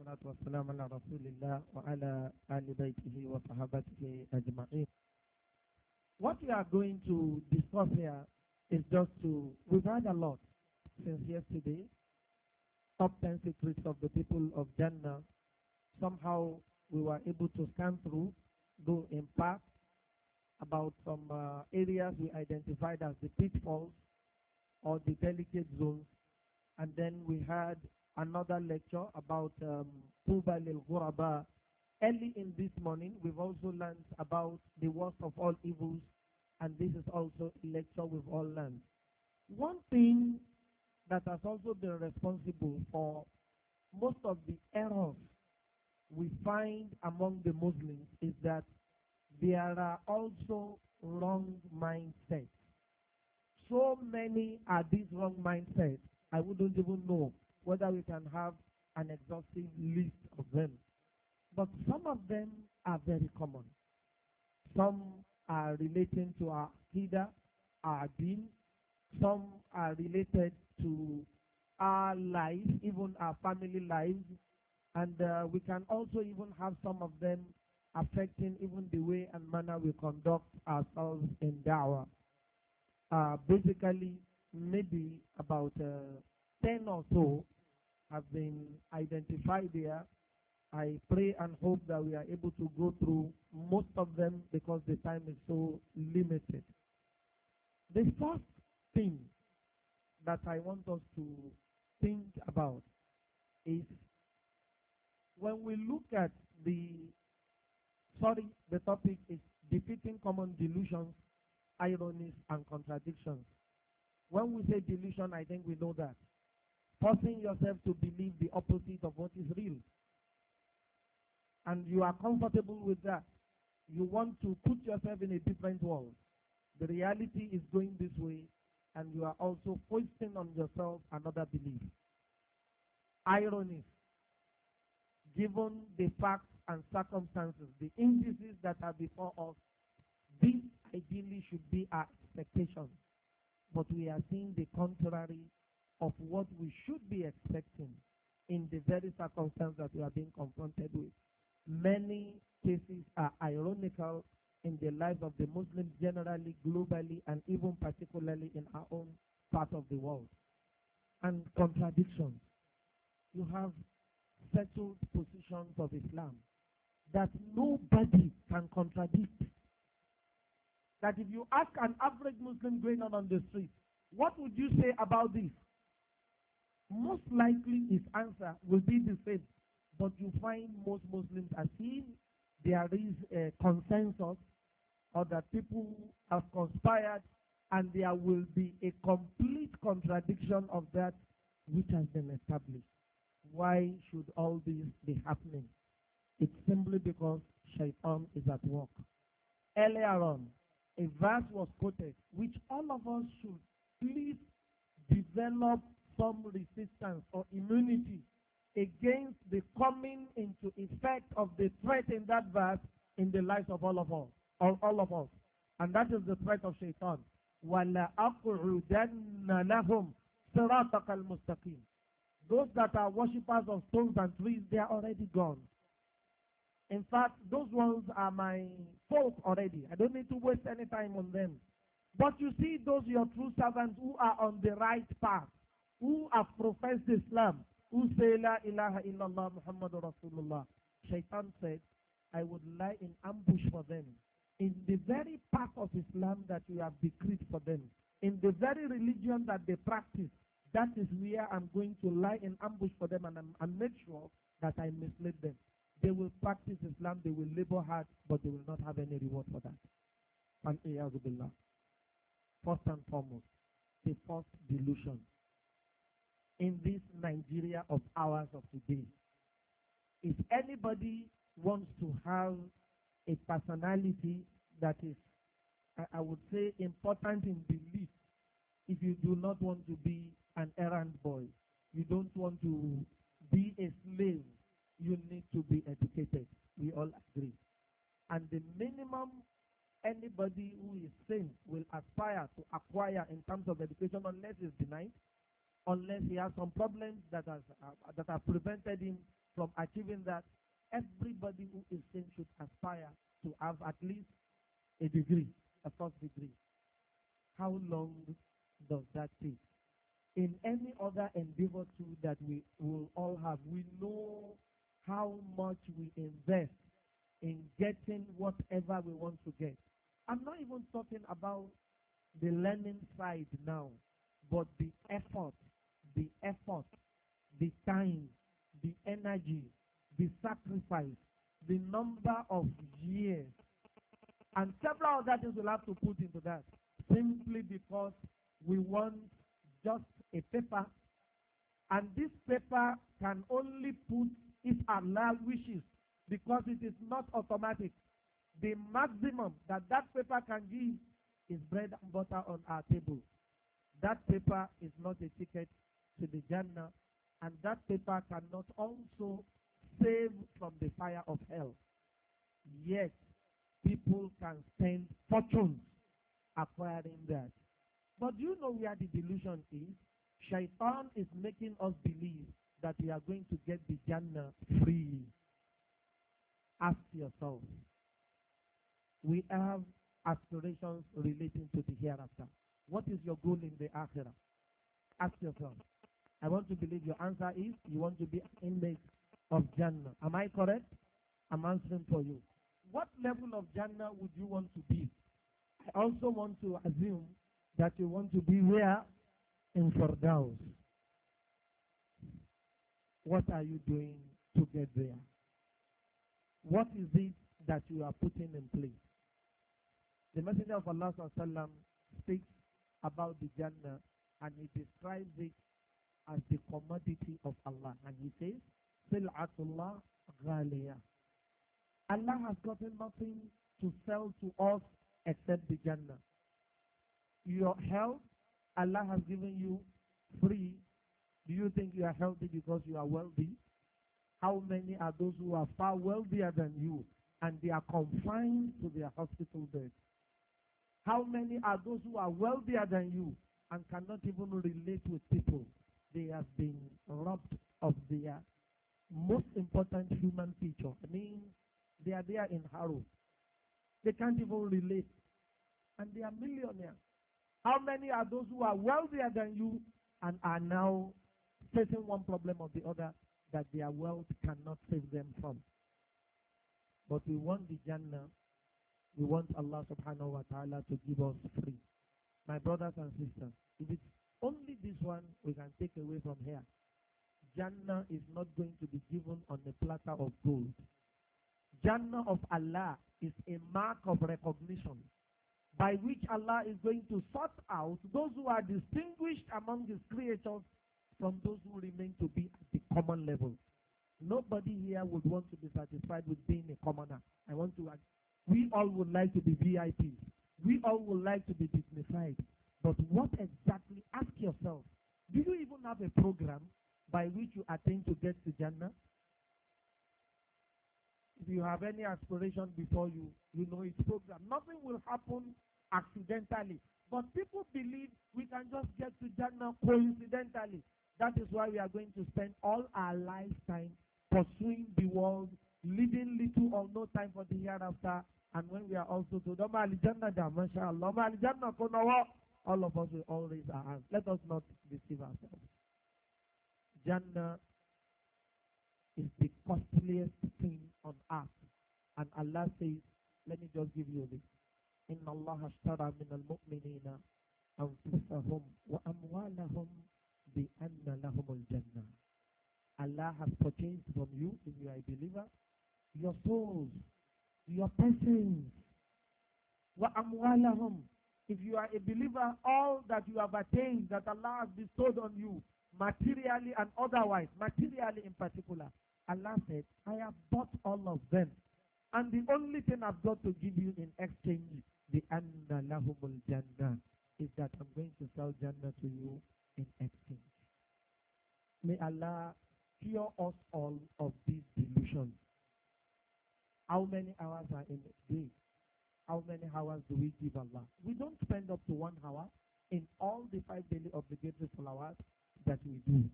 والسلام على رسول الله وعلى آل بيته وصحابته أجمعين. What we are going to discuss here is just to, we've had a lot since yesterday, top 10 secrets of the people of Jannah. Somehow we were able to scan through, though in part, about some uh, areas we identified as the pitfalls or the delicate zones. And then we had another lecture about Tuba um, lil Ghuraba. Early in this morning, we've also learned about the worst of all evils, and this is also a lecture we've all learned. One thing that has also been responsible for most of the errors we find among the Muslims is that there are also wrong mindsets. So many are these wrong mindsets, I wouldn't even know whether we can have an exhaustive list of them. But some of them are very common. Some are relating to our Aqidah, our Deen. Some are related to our life, even our family lives. And uh, we can also even have some of them affecting even the way and manner we conduct ourselves in dawah. Uh, basically, maybe about uh, 10 or so have been identified there. I pray and hope that we are able to go through most of them because the time is so limited. The first thing that I want us to think about is when we look at the, sorry, the topic is defeating common delusions, ironies, and contradictions. When we say delusion, I think we know that forcing yourself to believe the opposite of what is real. And you are comfortable with that. You want to put yourself in a different world. The reality is going this way, and you are also foisting on yourself another belief. Irony, given the facts and circumstances, the indices that are before us, this ideally should be our expectation. But we are seeing the contrary of what we should be expecting in the very circumstance that we are being confronted with. Many cases are ironical in the lives of the Muslims generally, globally, and even particularly in our own part of the world. And contradictions. You have settled positions of Islam that nobody can contradict. That if you ask an average Muslim going on on the street, what would you say about this? most likely his answer will be the same. But you find most Muslims are seeing there is a consensus or that people have conspired and there will be a complete contradiction of that which has been established. Why should all this be happening? It's simply because Shaitan is at work. Earlier on, a verse was quoted which all of us should please develop some resistance or immunity against the coming into effect of the threat in that verse in the lives of all of us, all, all of us. And that is the threat of Shaitan. Those that are worshippers of stones and trees, they are already gone. In fact, those ones are my folk already. I don't need to waste any time on them. But you see those your true servants who are on the right path who have professed Islam, who say La ilaha illallah Muhammadur Rasulullah, Shaitan said, I would lie in ambush for them in the very path of Islam that you have decreed for them, in the very religion that they practice, that is where I'm going to lie in ambush for them and, um, and make sure that I mislead them. They will practice Islam, they will labor hard, but they will not have any reward for that. And First and foremost, the first delusion in this Nigeria of ours of today. If anybody wants to have a personality that is, I, I would say, important in belief, if you do not want to be an errand boy, you don't want to be a slave, you need to be educated. We all agree. And the minimum anybody who is sane will aspire to acquire in terms of education, unless it's denied, unless he has some problems that, has, uh, that have prevented him from achieving that. Everybody who is sane should aspire to have at least a degree, a first degree. How long does that take? In any other endeavor too that we will all have, we know how much we invest in getting whatever we want to get. I'm not even talking about the learning side now, but the effort the effort, the time, the energy, the sacrifice, the number of years, and several other things we'll have to put into that simply because we want just a paper. And this paper can only put its allowed wishes because it is not automatic. The maximum that that paper can give is bread and butter on our table. That paper is not a ticket to the Jannah, and that paper cannot also save from the fire of hell. Yet, people can spend fortunes acquiring that. But do you know where the delusion is? Shaitan is making us believe that we are going to get the Jannah free. Ask yourself. We have aspirations relating to the hereafter. What is your goal in the Akhirah? Ask yourself. I want to believe your answer is you want to be inmate of Jannah. Am I correct? I'm answering for you. What level of Jannah would you want to be? I also want to assume that you want to be where? In Fardaus. What are you doing to get there? What is it that you are putting in place? The Messenger of Allah speaks about the Jannah and he describes it as the commodity of Allah. And he says, Sil'atullah ghaliyah. Allah has gotten nothing to sell to us except the Jannah. Your health, Allah has given you free. Do you think you are healthy because you are wealthy? How many are those who are far wealthier than you and they are confined to their hospital bed? How many are those who are wealthier than you and cannot even relate with people? they have been robbed of their most important human feature. I mean, they are there in Harrow. They can't even relate. And they are millionaires. How many are those who are wealthier than you and are now facing one problem or the other that their wealth cannot save them from? But we want the Jannah. We want Allah subhanahu wa ta'ala to give us free. My brothers and sisters, if it's Only this one we can take away from here. Jannah is not going to be given on a platter of gold. Jannah of Allah is a mark of recognition by which Allah is going to sort out those who are distinguished among His creatures from those who remain to be at the common level. Nobody here would want to be satisfied with being a commoner. I want to add, we all would like to be VIPs. We all would like to be dignified. But what exactly, ask yourself, do you even have a program by which you attain to get to Jannah? If you have any aspiration before you, you know it's program. Nothing will happen accidentally. But people believe we can just get to Jannah coincidentally. That is why we are going to spend all our lifetime pursuing the world, leaving little or no time for the hereafter. And when we are also to, Dọ́mọ Àlìjánná dà, Masha Allah, Ọmọ Àlìjánná all of us will all raise our hands. Let us not deceive ourselves. Jannah is the costliest thing on earth. And Allah says, let me just give you this. إن الله اشترى من المؤمنين أنفسهم وأموالهم بأن لهم الجنة. Allah has purchased from you, if you are a believer, your souls, your persons, وأموالهم If you are a believer, all that you have attained that Allah has bestowed on you, materially and otherwise, materially in particular, Allah said, I have bought all of them. And the only thing I've got to give you in exchange, the anna lahumul jannah, is that I'm going to sell Jannah to you in exchange. May Allah cure us all of these delusions. How many hours are in a day? how many hours do we give Allah? We don't spend up to one hour in all the five daily obligatory salawat that we do.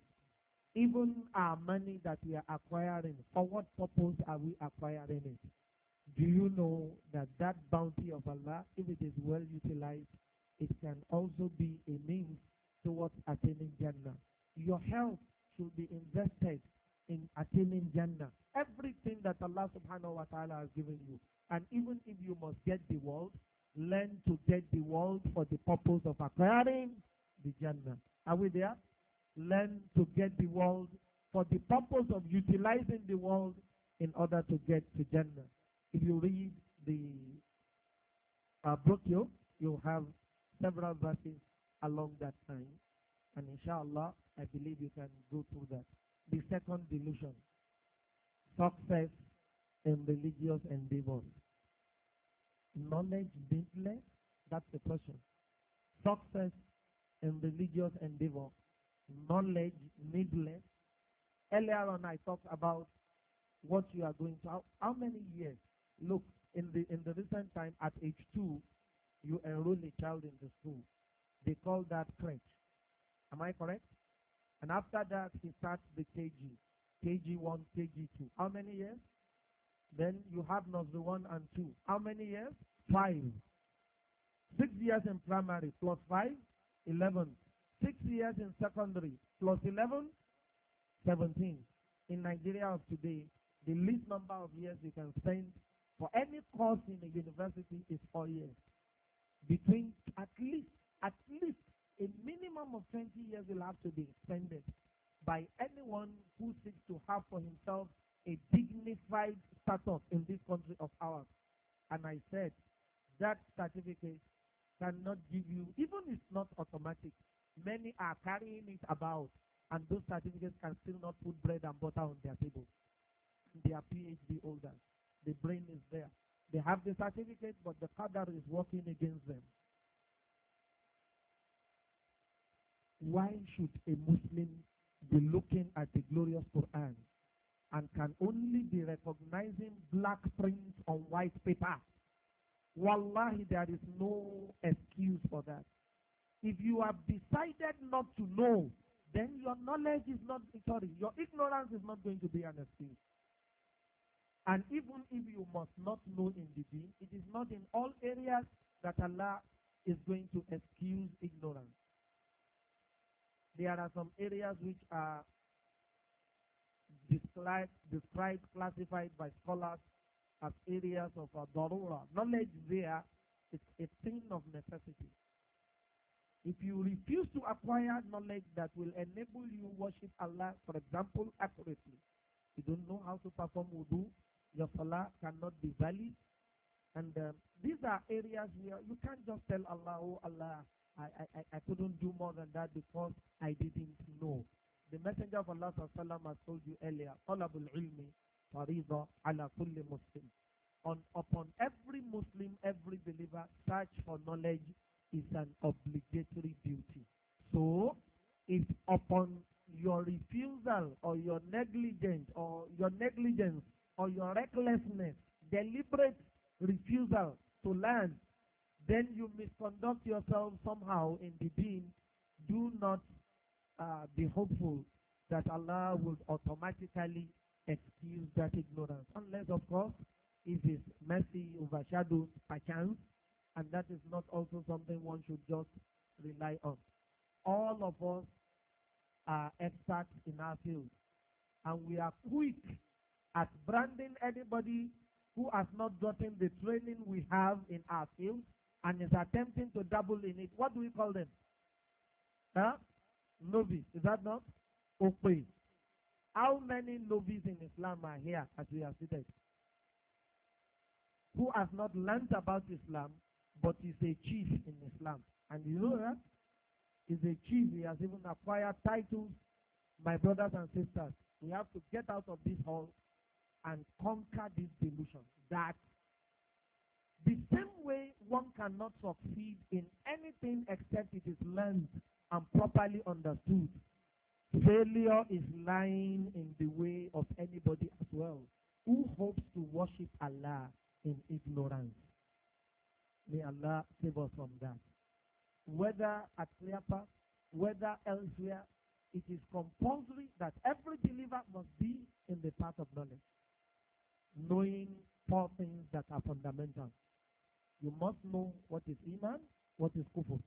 Even our money that we are acquiring, for what purpose are we acquiring it? Do you know that that bounty of Allah, if it is well utilized, it can also be a means towards attaining Jannah? Your health should be invested in attaining Jannah. Everything that Allah subhanahu wa ta'ala has given you. And even if you must get the world, learn to get the world for the purpose of acquiring the Jannah. Are we there? Learn to get the world for the purpose of utilizing the world in order to get to Jannah. If you read the uh, you have several verses along that line. And inshallah, I believe you can go through that the second delusion success in religious endeavors. Knowledge business, that's the question. Success in religious endeavor, knowledge needless. Earlier on, I talked about what you are going to. How, how many years? Look, in the in the recent time, at age two, you enroll a child in the school. They call that crèche. Am I correct? And after that, he starts the KG, KG1, KG2. How many years? Then you have nursery 1 and 2. How many years? 5. 6 years in primary plus 5, 11. 6 years in secondary plus 11, 17. In Nigeria of today, the least number of years you can spend for any course in a university is 4 years. Between at least, at least a minimum of 20 years will have to be expended by anyone who seeks to have for himself a dignified status in this country of ours. And I said, that certificate cannot give you, even it's not automatic, many are carrying it about, and those certificates can still not put bread and butter on their table. They are PhD holders. The brain is there. They have the certificate, but the cadre is working against them. Why should a Muslim be looking at the glorious Quran and can only be recognizing black print on white paper? Wallahi, there is no excuse for that. If you have decided not to know, then your knowledge is not, sorry, your ignorance is not going to be an excuse. And even if you must not know in the deen, it is not in all areas that Allah is going to excuse ignorance there are some areas which are described, described classified by scholars as areas of uh, darura. Knowledge there is a thing of necessity. If you refuse to acquire knowledge that will enable you worship Allah, for example, accurately, you don't know how to perform wudu, your salah cannot be valid, and um, these are areas where you can't just tell Allah, oh Allah, I, I, I couldn't do more than that because I didn't know. The Messenger of Allah sallam, has told you earlier, Talabul ilmi fariza ala kulli muslim. On, upon every Muslim, every believer, search for knowledge is an obligatory duty. So, if upon your refusal or your negligence or your negligence or your recklessness, deliberate refusal to learn, then you misconduct yourself somehow in the deen, do not uh, be hopeful that Allah will automatically excuse that ignorance. Unless, of course, if His mercy overshadows a chance, and that is not also something one should just rely on. All of us are experts in our field, and we are quick at branding anybody who has not gotten the training we have in our field and is attempting to dabble in it. What do we call them? Huh? Novice. Is that not? Okay. How many novices in Islam are here as we are seated? Who has not learnt about Islam but is a chief in Islam. And you know that? He's a chief. He has even acquired titles. My brothers and sisters, we have to get out of this hall and conquer this delusion that the same way one cannot succeed in anything except it is learned and properly understood, failure is lying in the way of anybody as well who hopes to worship Allah in ignorance. May Allah save us from that. Whether at Cleopa, whether elsewhere, it is compulsory that every believer must be in the path of knowledge knowing four things that are fundamental. You must know what is Iman, what is Kufr,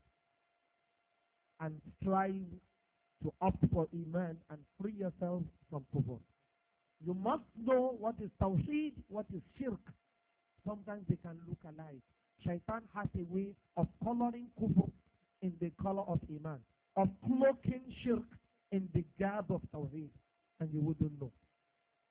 and strive to opt for Iman and free yourself from Kufr. You must know what is Tawheed, what is Shirk. Sometimes they can look alike. Shaitan has a way of coloring Kufr in the color of Iman, of cloaking Shirk in the garb of Tawheed, and you wouldn't know.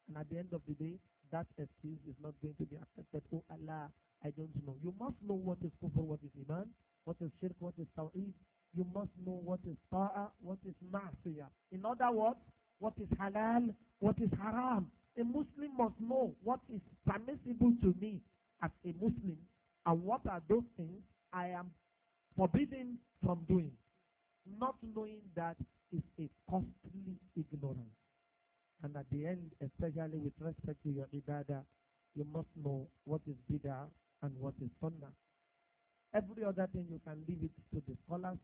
And at the end of the day, that excuse is not going to be accepted. Oh Allah, I don't know. You must know what is kufr, what is iman, what is shirk, what is tawheed. You must know what is ta'a, what is ma'siyah. In other words, what is halal, what is haram. A Muslim must know what is permissible to me as a Muslim and what are those things I am forbidden from doing. Not knowing that is a costly ignorance. And at the end, especially with respect to your ibadah, you must know what is bid'ah and what is sunnah. Every other thing you can leave it to the scholars,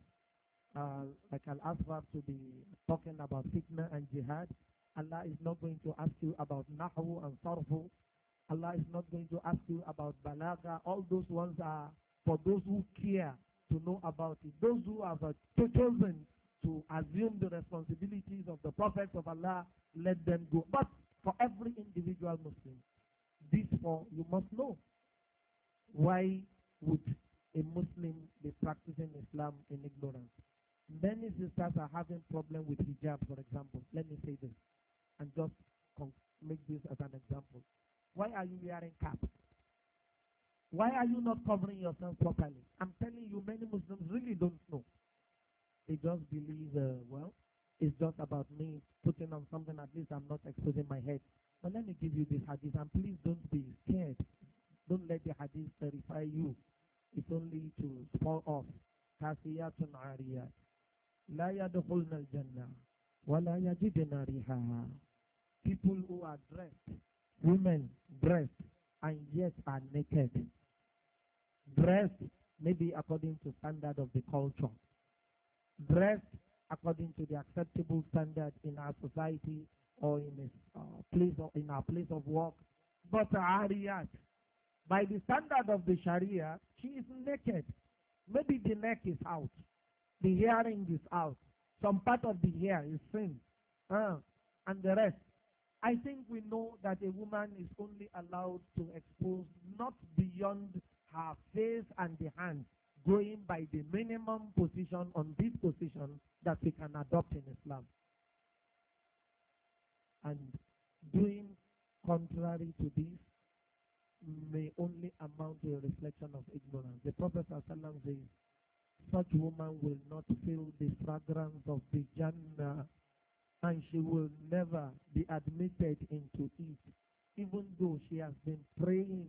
uh, like Al-Aswab to be talking about fitna and jihad. Allah is not going to ask you about nahu and sarfu. Allah is not going to ask you about balagha. All those ones are for those who care to know about it. Those who have chosen to assume the responsibilities of the prophets of Allah, let them go. But for every individual Muslim, this for you must know. Why would a Muslim be practicing Islam in ignorance? Many sisters are having problem with hijab, for example. Let me say this and just make this as an example. Why are you wearing caps? Why are you not covering yourself properly? I'm telling you, many Muslims really don't know. They just believe, uh, well, it's just about me putting on something, at least I'm not exposing my head. But let me give you this hadith, and please don't be scared. Don't let the hadith terrify you. It's only to fall off. كاسيات عاريات لا يدخلن الجنة ولا يجدن people who are dressed women dressed and yet are naked dressed maybe according to standard of the culture dressed according to the acceptable standard in our society or in a uh, place of, in our place of work. But Ariyat, by the standard of the Sharia, she is naked. Maybe the neck is out, the hearing is out, some part of the hair is thin, uh, and the rest. I think we know that a woman is only allowed to expose not beyond her face and the hands going by the minimum position on this position that we can adopt in Islam. And doing contrary to this may only amount to a reflection of ignorance. The Prophet says, such woman will not feel the fragrance of the Jannah and she will never be admitted into it, even though she has been praying,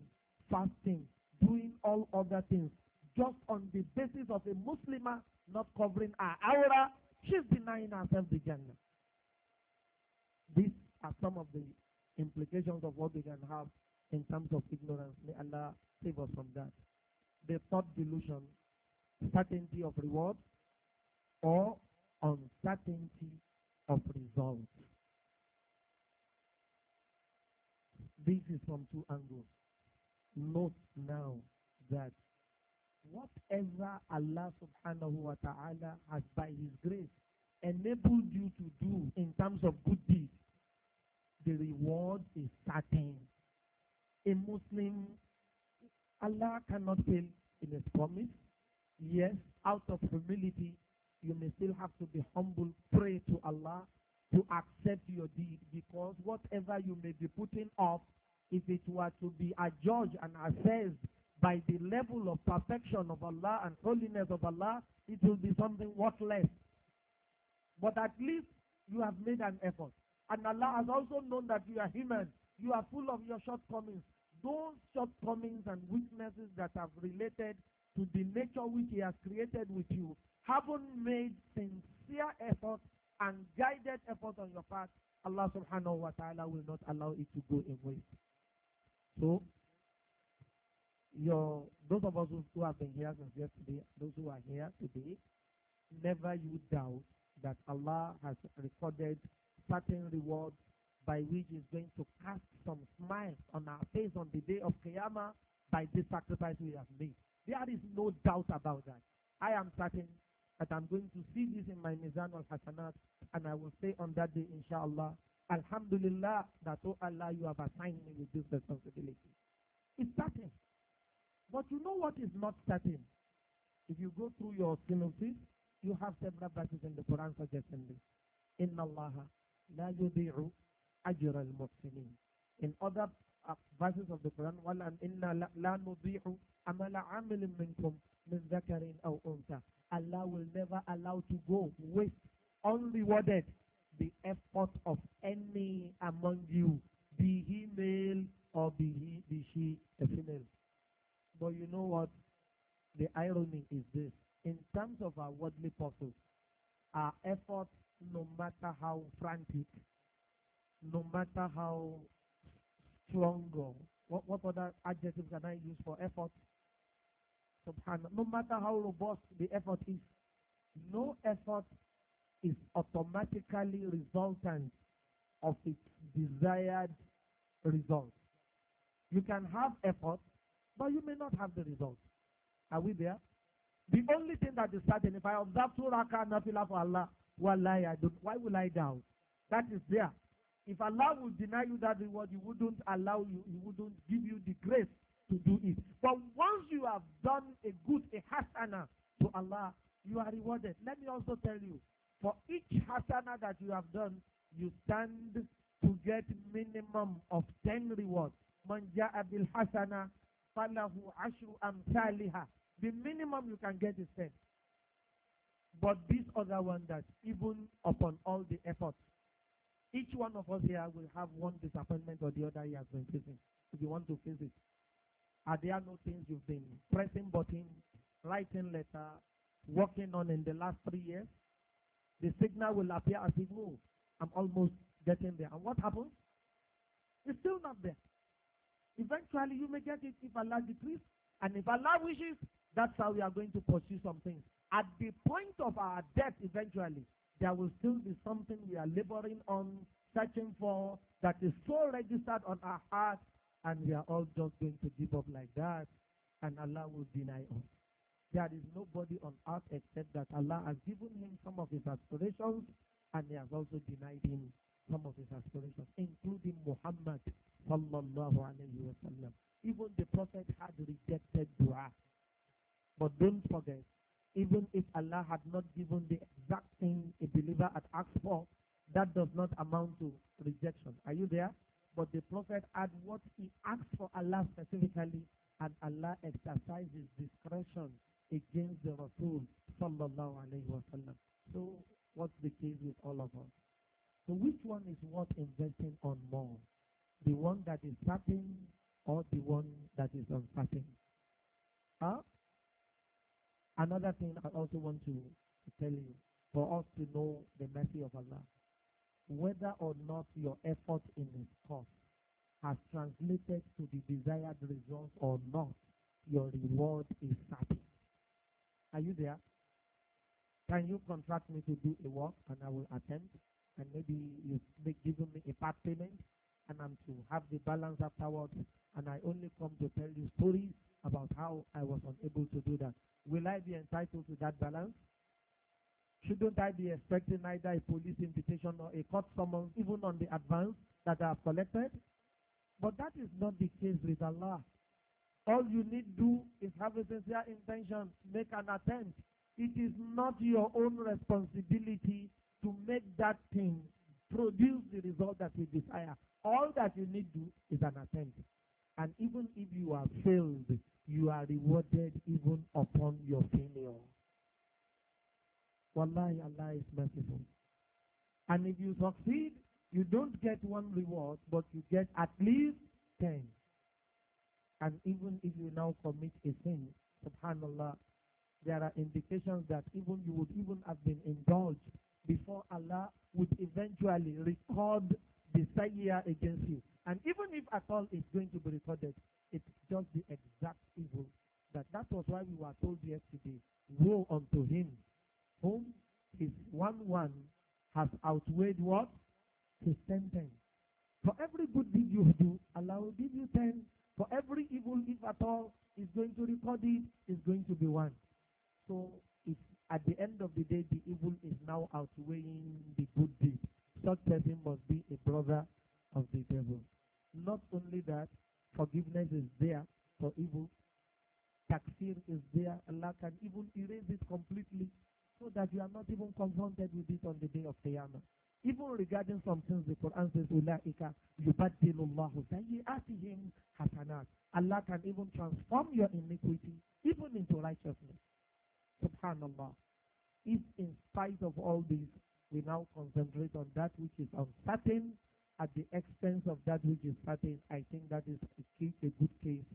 fasting, doing all other things just on the basis of a Muslim not covering her aura, she's denying herself the Jannah. These are some of the implications of what we can have in terms of ignorance. May Allah save us from that. The thought delusion, certainty of reward or uncertainty of result. This is from two angles. Note now that whatever Allah subhanahu wa ta'ala has by his grace enabled you to do in terms of good deeds, the reward is certain. A Muslim, Allah cannot fail in his promise. Yes, out of humility, you may still have to be humble, pray to Allah to accept your deed because whatever you may be putting off, if it were to be adjudged and assessed by the level of perfection of Allah and holiness of Allah, it will be something worthless. But at least you have made an effort. And Allah has also known that you are human. You are full of your shortcomings. Those shortcomings and weaknesses that have related to the nature which He has created with you haven't made sincere effort and guided effort on your part, Allah subhanahu wa ta'ala will not allow it to go in waste. So, your those of us who have been here since yesterday, those who are here today, never you doubt that Allah has recorded certain rewards by which is going to cast some smiles on our face on the day of Qiyamah by this sacrifice we have made. There is no doubt about that. I am certain that I'm going to see this in my Mizan al Hasanat, and I will say on that day, inshallah, Alhamdulillah, that, oh Allah, you have assigned me with this responsibility. It's certain. But you know what is not certain? If you go through your synopsis, you have several verses in the Quran suggesting this. Inna Allah la yudi'u ajra al-muhsinin. In other uh, verses of the Quran, la inna la nudi'u amala amilin minkum min zakarin aw unsa. Allah will never allow to go waste unrewarded the effort of any among you, be he male or be he be she a female. But you know what? The irony is this. In terms of our worldly pursuits, our efforts, no matter how frantic, no matter how strong, or what, what other adjectives can I use for effort? Subhanallah. No matter how robust the effort is, no effort is automatically resultant of its desired result. You can have effort but you may not have the result. Are we there? The only thing that is certain, if I observe two rakah nafila for Allah, wallahi, I don't, why will I doubt? That is there. If Allah will deny you that reward, He wouldn't allow you, He wouldn't give you the grace to do it. But once you have done a good, a hasana to Allah, you are rewarded. Let me also tell you, for each hasana that you have done, you stand to get minimum of 10 rewards. Man ja'a bil hasana falahu ashru amthaliha. The minimum you can get is 10. But this other one that even upon all the efforts, each one of us here will have one disappointment or the other he has been facing. If you want to face it, are there no things you've been pressing buttons, writing letter, working on in the last three years? The signal will appear as it moves. I'm almost getting there. And what happens? It's still not there. Eventually, you may get it if Allah decrees and if Allah wishes. That's how we are going to pursue some things. At the point of our death, eventually, there will still be something we are laboring on, searching for, that is so registered on our heart, and we are all just going to give up like that, and Allah will deny us. There is nobody on earth except that Allah has given him some of his aspirations, and he has also denied him some of his aspirations, including Muhammad sallallahu alayhi wa sallam. Even the Prophet had rejected dua. But don't forget, even if Allah had not given the exact thing a believer had asked for, that does not amount to rejection. Are you there? But the Prophet had what he asked for Allah specifically, and Allah exercises discretion against the Rasul sallallahu alayhi wa sallam. So what's the case with all of us? So which one is worth investing on more? The one that is certain or the one that is uncertain? Huh? Another thing I also want to, to tell you, for us to know the mercy of Allah, whether or not your effort in this course has translated to the desired result or not, your reward is certain. Are you there? Can you contract me to do a work and I will attend? and maybe you've given me a part payment and I'm to have the balance afterwards and I only come to tell you stories about how I was unable to do that. Will I be entitled to that balance? Shouldn't I be expecting either a police invitation or a court summons, even on the advance that I have collected? But that is not the case with Allah. All you need do is have a sincere intention, make an attempt. It is not your own responsibility to make that thing produce the result that you desire. All that you need to do is an attempt. And even if you are failed, you are rewarded even upon your failure. Wallahi, Allah is merciful. And if you succeed, you don't get one reward, but you get at least ten. And even if you now commit a sin, subhanallah, there are indications that even you would even have been indulged before Allah would eventually record the sayyah against you. And even if at all it's going to be recorded, it's just the exact evil. That that was why we were told yesterday, woe unto him whom his one one has outweighed what? His ten ten. For every good deed you do, Allah will give you ten. For every evil, if at all, is going to record it, is going to be one. So At the end of the day, the evil is now outweighing the good deed. Such person must be a brother of the devil. Not only that, forgiveness is there for evil. Takfir is there. Allah can even erase it completely so that you are not even confronted with it on the day of Qiyamah. Even regarding some things, the Quran says, Allah can even transform your iniquity even into righteousness. Subhanallah. If in spite of all this, we now concentrate on that which is uncertain at the expense of that which is certain, I think that is a, a good case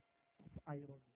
of irony.